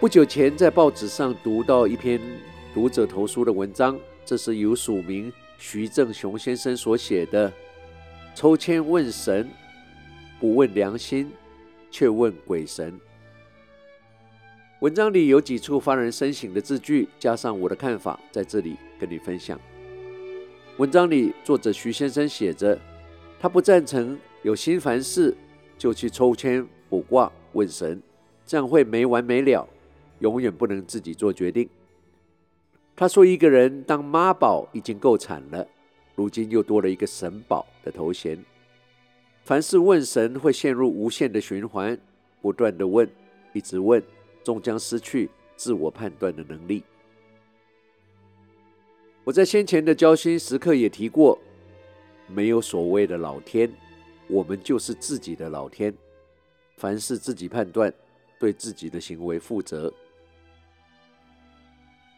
不久前在報紙上讀到一篇讀者投書的文章，這是由署名徐正雄先生所寫的。抽籤問神，不問良心，卻問鬼神。文章裡有幾處發人深省的字句，加上我的看法，在這裡跟你分享。文章裡作者徐先生寫着，他不贊成有心煩事就去抽籤卜卦問神，這樣會沒完沒了。永遠不能自己做決定。他說：“一個人當媽寶已經夠慘了，如今又多了一個神寶的頭銜。凡事問神，會陷入無限的循環，不斷地問，一直問，終將失去自我判斷的能力。”我在先前的交心時刻也提過，沒有所謂的老天，我們就是自己的老天。凡事自己判斷，對自己的行為負責。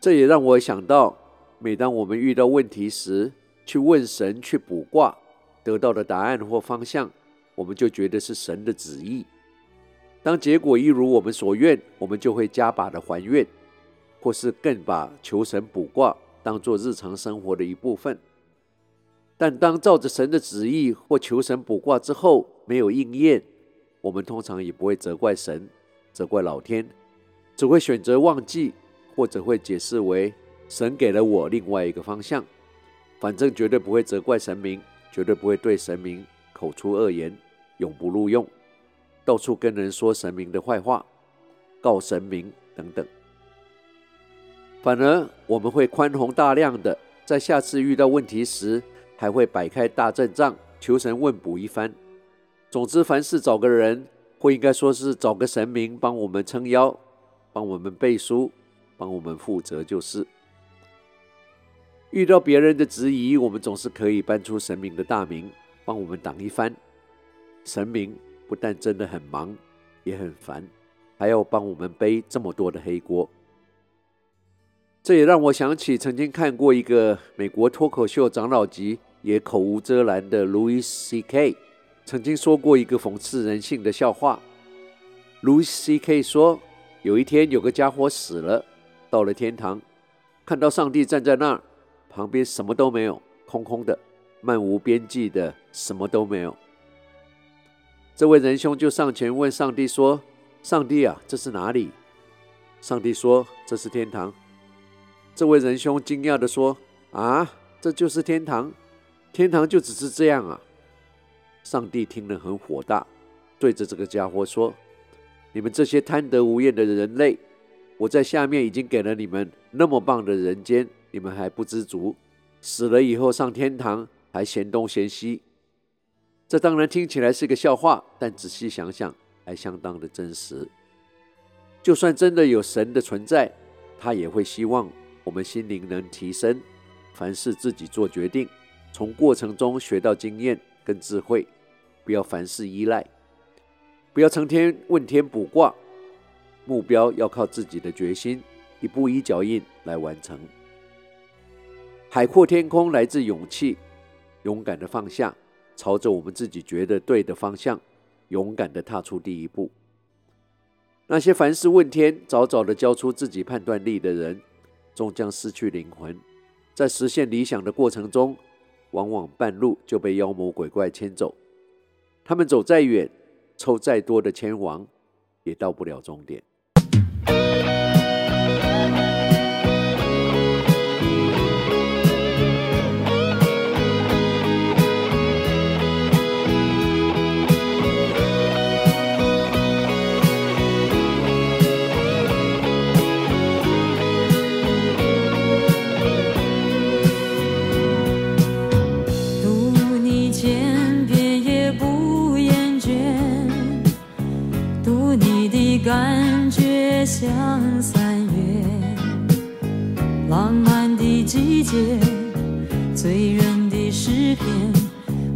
這也讓我想到，每當我們遇到問題時，去問神、去卜卦，得到的答案或方向，我們就覺得是神的旨意。當結果一如我們所願，我們就會加把的還願，或是更把求神卜卦當做日常生活的一部分。但當照着神的旨意或求神卜卦之後沒有應驗，我們通常也不會責怪神、責怪老天，只會選擇忘記。或者會解釋為神給了我另外一個方向，反正絕對不會責怪神明，絕對不會對神明口出惡言，永不錄用，到處跟人說神明的壞話，告神明等等。反而我們會寬宏大量的，在下次遇到問題時，還會擺開大陣仗求神問卜一番。總之，凡事找個人，或應該說是找個神明幫我們撐腰，幫我們背書。幫我們負責就是。遇到別人的質疑，我們總是可以搬出神明的大名，幫我們擋一番。神明不但真的很忙，也很煩，還要幫我們背這麼多的黑鍋。這也讓我想起曾經看過一個美國脫口秀長老級也口無遮攔的 Louis C.K. 曾經說過一個諷刺人性的笑話。Louis C.K. 說，有一天有個傢伙死了。到了天堂，看到上帝站在那兒，旁邊什麼都沒有，空空的，漫無邊際的，什麼都沒有。這位仁兄就上前問上帝說：“上帝啊，這是哪裡？”上帝說：“這是天堂。”這位仁兄驚訝地說：“啊，這就是天堂？天堂就只是這樣啊？”上帝聽了很火大，對着這個家伙說：“你們這些貪得無厭的人類！”我在下面已經給了你們那麼棒的人間，你們還不知足，死了以後上天堂還嫌東嫌西，這當然聽起來是個笑話，但仔細想想還相當的真實。就算真的有神的存在，他也會希望我們心靈能提升，凡事自己做決定，從過程中學到經驗跟智慧，不要凡事依賴，不要成天問天卜卦。目標要靠自己的決心，一步一腳印來完成。海闊天空來自勇氣，勇敢的放下，朝着我們自己覺得對的方向，勇敢的踏出第一步。那些凡事問天，早早的交出自己判斷力的人，終將失去靈魂。在實現理想的過程中，往往半路就被妖魔鬼怪牽走。他們走再遠，抽再多的籤王，也到不了終點。感覺像三月，浪漫的季節，醉人的詩篇。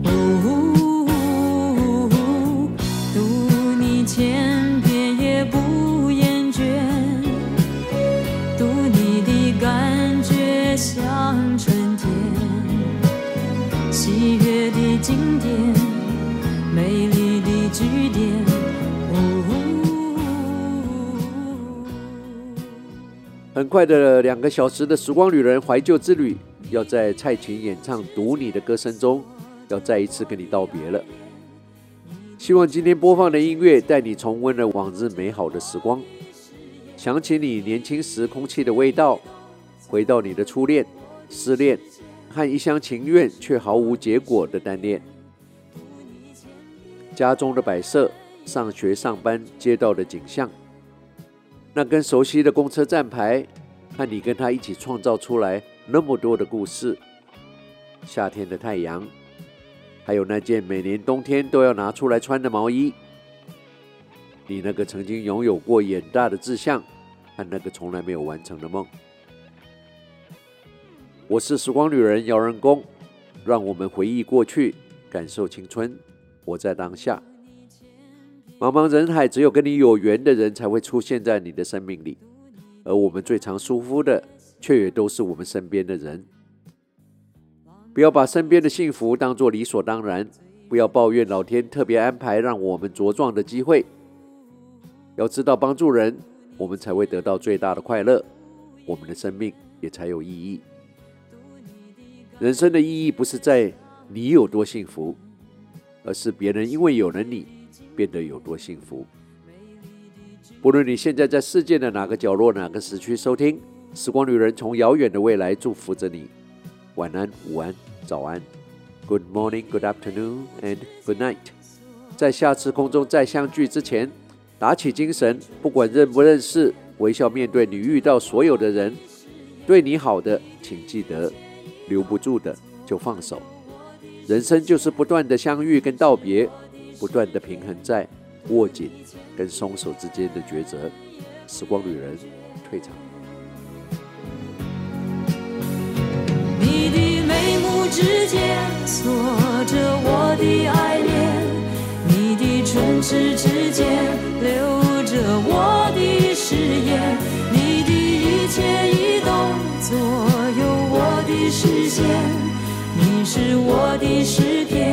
嗚嗚嗚嗚嗚，讀你千遍也不厭倦。讀你的感覺像春天，喜悅的經典，美麗的句點。很快的兩個小時的時光旅人懷舊之旅，要在蔡琴演唱《讀你的歌聲》中，要再一次跟你道別了。希望今天播放的音樂帶你重溫了往日美好的時光，想起你年輕時空氣的味道，回到你的初戀、失戀和一廂情願卻毫無結果的單戀，家中的擺設、上學上班、街道的景象。那根熟悉的公車站牌，和你跟他一起創造出來那麼多的故事。夏天的太陽，還有那件每年冬天都要拿出來穿的毛衣。你那個曾經擁有過遠大的志向，和那個從來沒有完成的夢。我是時光旅人姚任公，讓我們回憶過去，感受青春，活在當下。茫茫人海，只有跟你有緣的人才會出現在你的生命裡。而我們最常疏忽的，卻也都是我們身邊的人。不要把身邊的幸福當做理所當然，不要抱怨老天特別安排讓我們茁壯的機會。要知道，幫助人，我們才會得到最大的快樂，我們的生命也才有意義。人生的意義不是在你有多幸福，而是別人因為有了你。變得有多幸福？不論你現在在世界的哪個角落、哪個時區收聽，《時光女人》從遙遠的未來祝福着你。晚安、午安、早安，Good morning, Good afternoon, and Good night。在下次空中再相聚之前，打起精神，不管認不認識，微笑面對你遇到所有的人。對你好的，請記得，留不住的，就放手。人生就是不斷的相遇跟道別。不斷的平衡在握緊跟鬆手之間的抉擇，時光旅人退場。你的眉目之間鎖着我的愛戀，你的唇齒之間留着我的誓言，你的一切移動左右我的視線，你是我的詩篇。